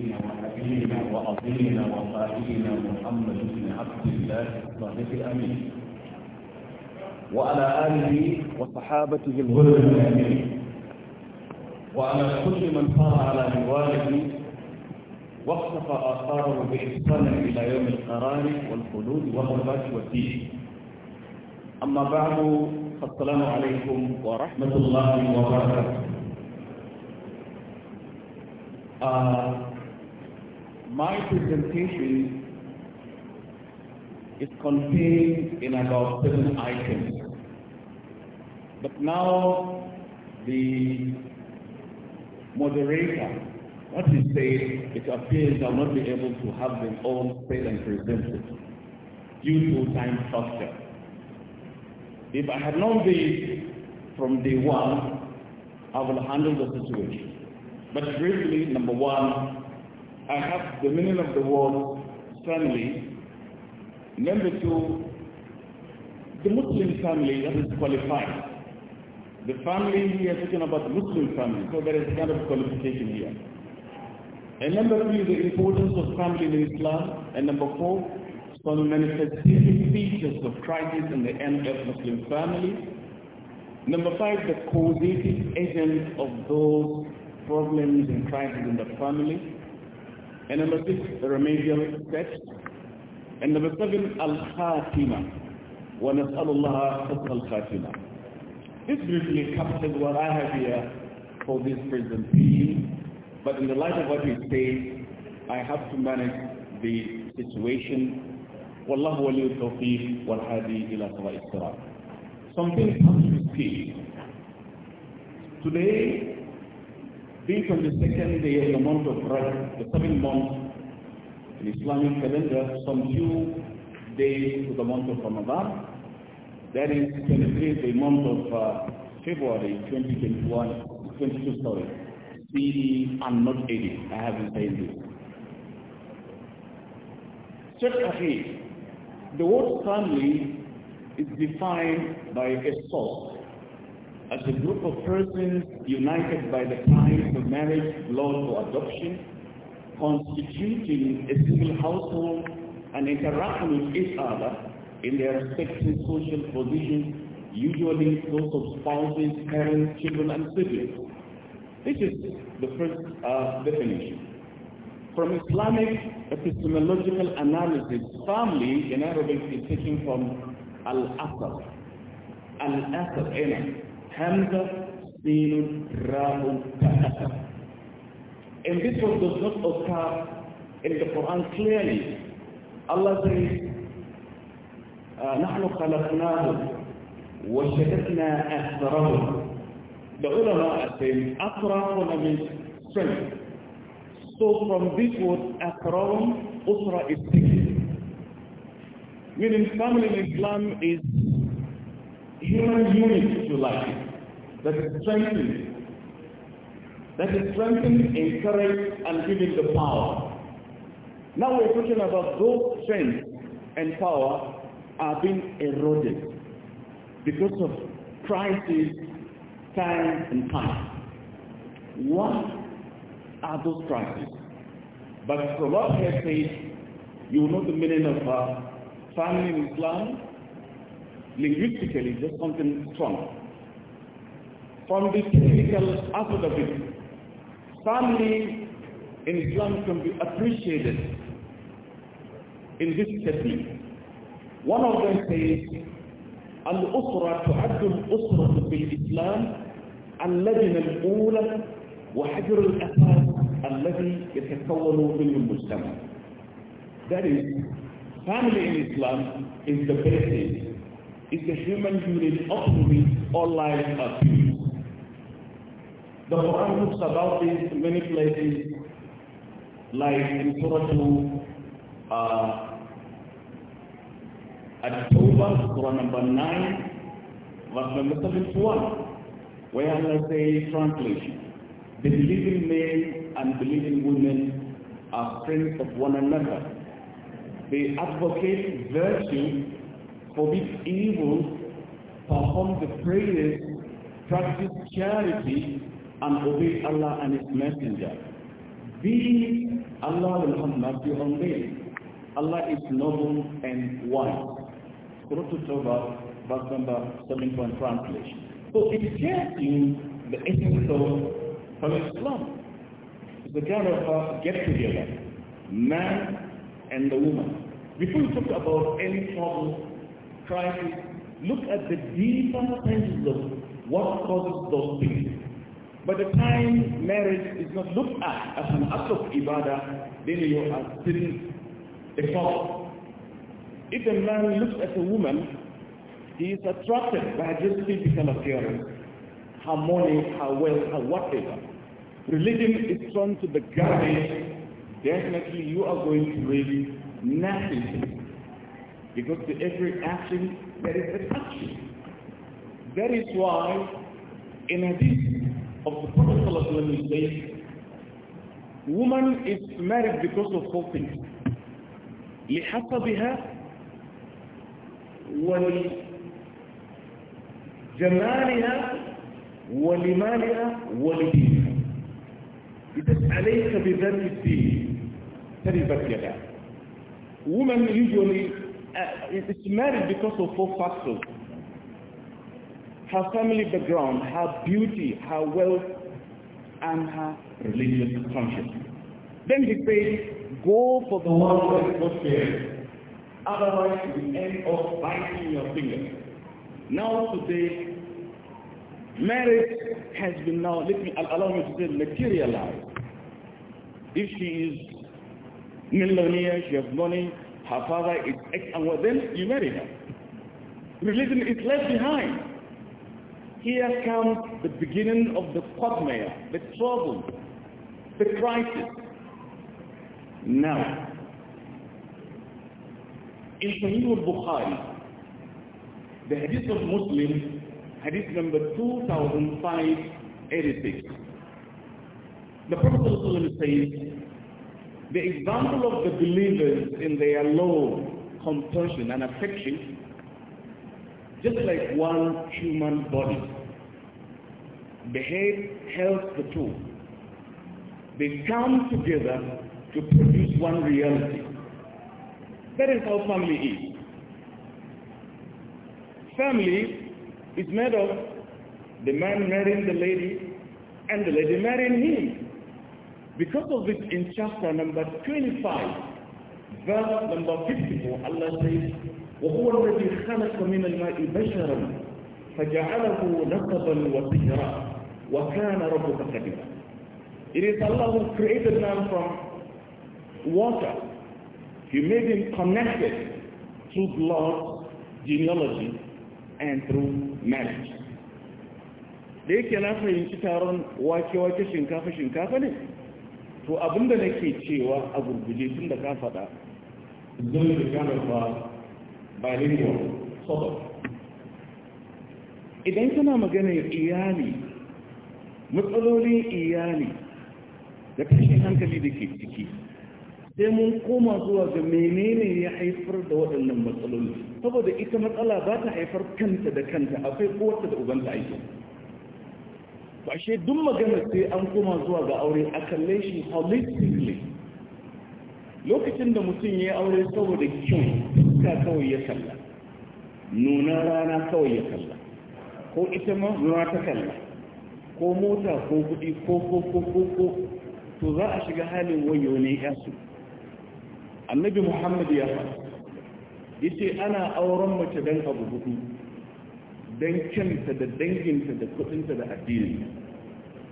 نبينا وحبيبنا وأبينا وقائدنا محمد بن عبد الله الصادق الأمين وعلى آله وصحابته الغر الأمين وعلى كل من صار على جواله واقتفى آثاره بإحسان إلى يوم القرار والخلود والرباط والدين أما بعد فالسلام عليكم ورحمة الله وبركاته آه My presentation is contained in about seven items. But now the moderator, what he said, it appears I'll not be able to have them all said and presented due to time structure. If I had known this from day one, I will handle the situation. But briefly, number one, I have the meaning of the word family. Number two, the Muslim family that is qualified. The family here is talking about Muslim family, so there is a kind of qualification here. And number three, the importance of family in Islam. And number four, some manifestation features of crisis in the end of Muslim family. Number five, the causative agents of those problems and crises in the family. And number six, the remedial steps. And number seven, Al-Khatima. وَنَسْأَلُ اللَّهَ Al Khatima. This briefly captures what I have here for this present But in the light of what we say, I have to manage the situation. Wallahu وَلِيُّ التَّوْفِيقِ وَالْحَادِي إِلَى صَلَاءِ الصِّرَاطِ Something comes to speak. Today, being from the second day of the month of Rajab, the seventh month in Islamic calendar, some few days to the month of Ramadan. That is 23 the month of uh, February 2021, 22, sorry, CE and not AD. I have not saying this. Check The word family is defined by a source as a group of persons united by the ties of marriage, law or adoption, constituting a single household and interacting with each other in their respective social positions, usually those of spouses, parents, children, and siblings. This is the first uh, definition. From Islamic epistemological analysis, family in Arabic is taken from al-asr, al-asr, Hamza, Ramun, And this one does not occur in the Quran clearly. Allah says, نحن خلقناهم وشددنا أثرهم The ulama say, أثرهم means strength. So from this word, أثرهم, أسرة is taken. Meaning family in Islam is human unit like it that is strengthening. That is strengthening, encouraging, and giving the power. Now we're talking about those strength and power are being eroded because of crisis time and time. What are those crises? But what has said, you know the meaning of uh, family in Islam, linguistically, just something strong from the technical aspect of it. Family in Islam can be appreciated in this setting. One of them says, "And Al-Usra tu'addu al-Usra fi islam al-Ladin al-Ula wa hajr al-Asad al-Ladin yatakawalu min al-Mujtama. That is, family in Islam is the basis, is the human unit of all life are human. The Quran talks about this in many places, like in Surah uh, At-Tawbah, Surah number 9, verse number 71, where I say translation, the believing men and believing women are friends of one another. They advocate virtue, forbid evil, perform the prayers, practice charity, and obey Allah and His Messenger. Be Allah will have mercy on them. Allah is noble and wise. Surah Tawbah, verse number 7.1 translation. So it is tells you the essence of, Islam. It's the kind of uh, get-together, man and the woman. Before you talk about any trouble, crisis, look at the deeper senses of what causes those things. But the time marriage is not looked at as an act of ibadah, then you are still a fault. If a man looks at a woman, he is attracted by just physical appearance, her money, her wealth, her whatever. Religion is thrown to the garbage. Definitely you are going to really nothing. Because to every action, there is a touch. That is why in Hadith, of the Prophet ﷺ says, woman is married because of four things. لحسبها ولجمالها ولمالها ولدينها. إذا عليك بذات الدين تربت يداك. Woman usually uh, is married because of four factors her family background, her beauty, her wealth, and her religious conscience. Then he said, go for the one that is not fair. Otherwise you end up biting your finger. Now today, marriage has been now, let me, allow me to say, materialized. If she is millionaire, she has money, her father is ex, and Y, then you marry her. Religion is left behind here comes the beginning of the quagmire, the trouble, the crisis. Now, in Sahih al-Bukhari, the hadith of Muslim, hadith number 2586, the Prophet says, the example of the believers in their love, compassion and affection just like one human body. The head helps the two. They come together to produce one reality. That is how family is. Family is made of the man marrying the lady and the lady marrying him. Because of it in chapter number 25, verse number 54, Allah says, وهو الذي خلق من الماء بشرا فجعله نقبا وطهرا وكان ربك قديرا It is Allah who created man from water. He made him connected through blood, genealogy, and through marriage. Da yake na fahimci taron wake-wake shinkafa-shinkafa ne, to abinda nake cewa a gurguje tun da ka faɗa, zai da bilingual sort of idan kana maganar iyali matsalolin iyali da kashe hankali da ke ciki sai mun koma zuwa ga menene ya haifar da waɗannan matsaloli saboda ita matsala ba ta haifar kanta da kanta akwai kowace da ubanta aiki ba shi duk magana sai an koma zuwa ga aure a kalle shi holistically lokacin da mutum ya yi aure saboda kyau iska kawai ya kalla rana kawai ya kalla ko ita ma ruwa ta kalla ko mota ko kudi ko ko ko ko ko to za a shiga halin wayo ne yasu annabi muhammad ya faɗa yace ana auren mace dan abu hudu dan kyanta da danginta da kudinta da addini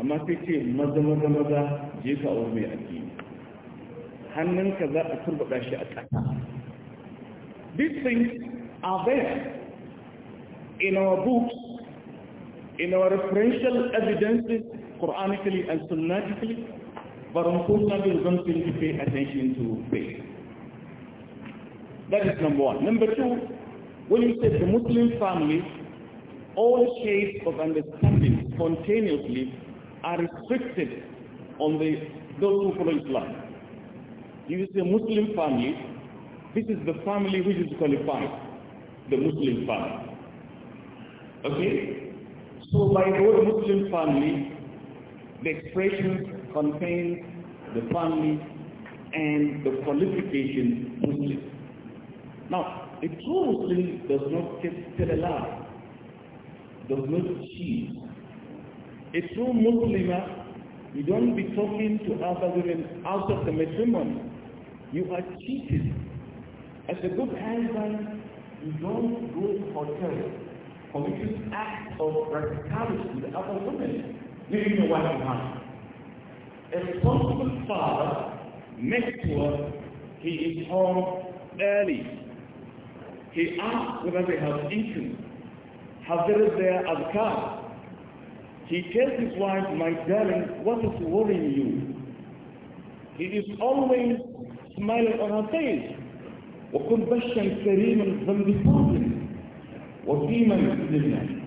amma sai ce maza maza maza je ka aure mai addini hannunka za a turba shi a ƙasa These things are there in our books, in our referential evidences, Quranically and Sunnatically, but unfortunately we don't seem to pay attention to faith. That is number one. Number two, when you say the Muslim family, all shades of understanding spontaneously are restricted on the those who follow Islam. You say Muslim family, this is the family which is qualified, the Muslim family. Okay? So by the word Muslim family, the expression contains the family and the qualification Muslim. Now, a true Muslim does not a sterilized, does not cheat. A true Muslim, you don't be talking to other women of the matrimony. You are cheating as a good husband, you don't go to hotels committing acts of rascality with other women, leaving your wife behind. A responsible father makes sure he is home early. He asks whether they have eaten, have there is their adhkar. He tells his wife, my darling, what is worrying you? He is always smiling on her face. وكن بشا كريما ذنب فاضل وفيما يسلمنا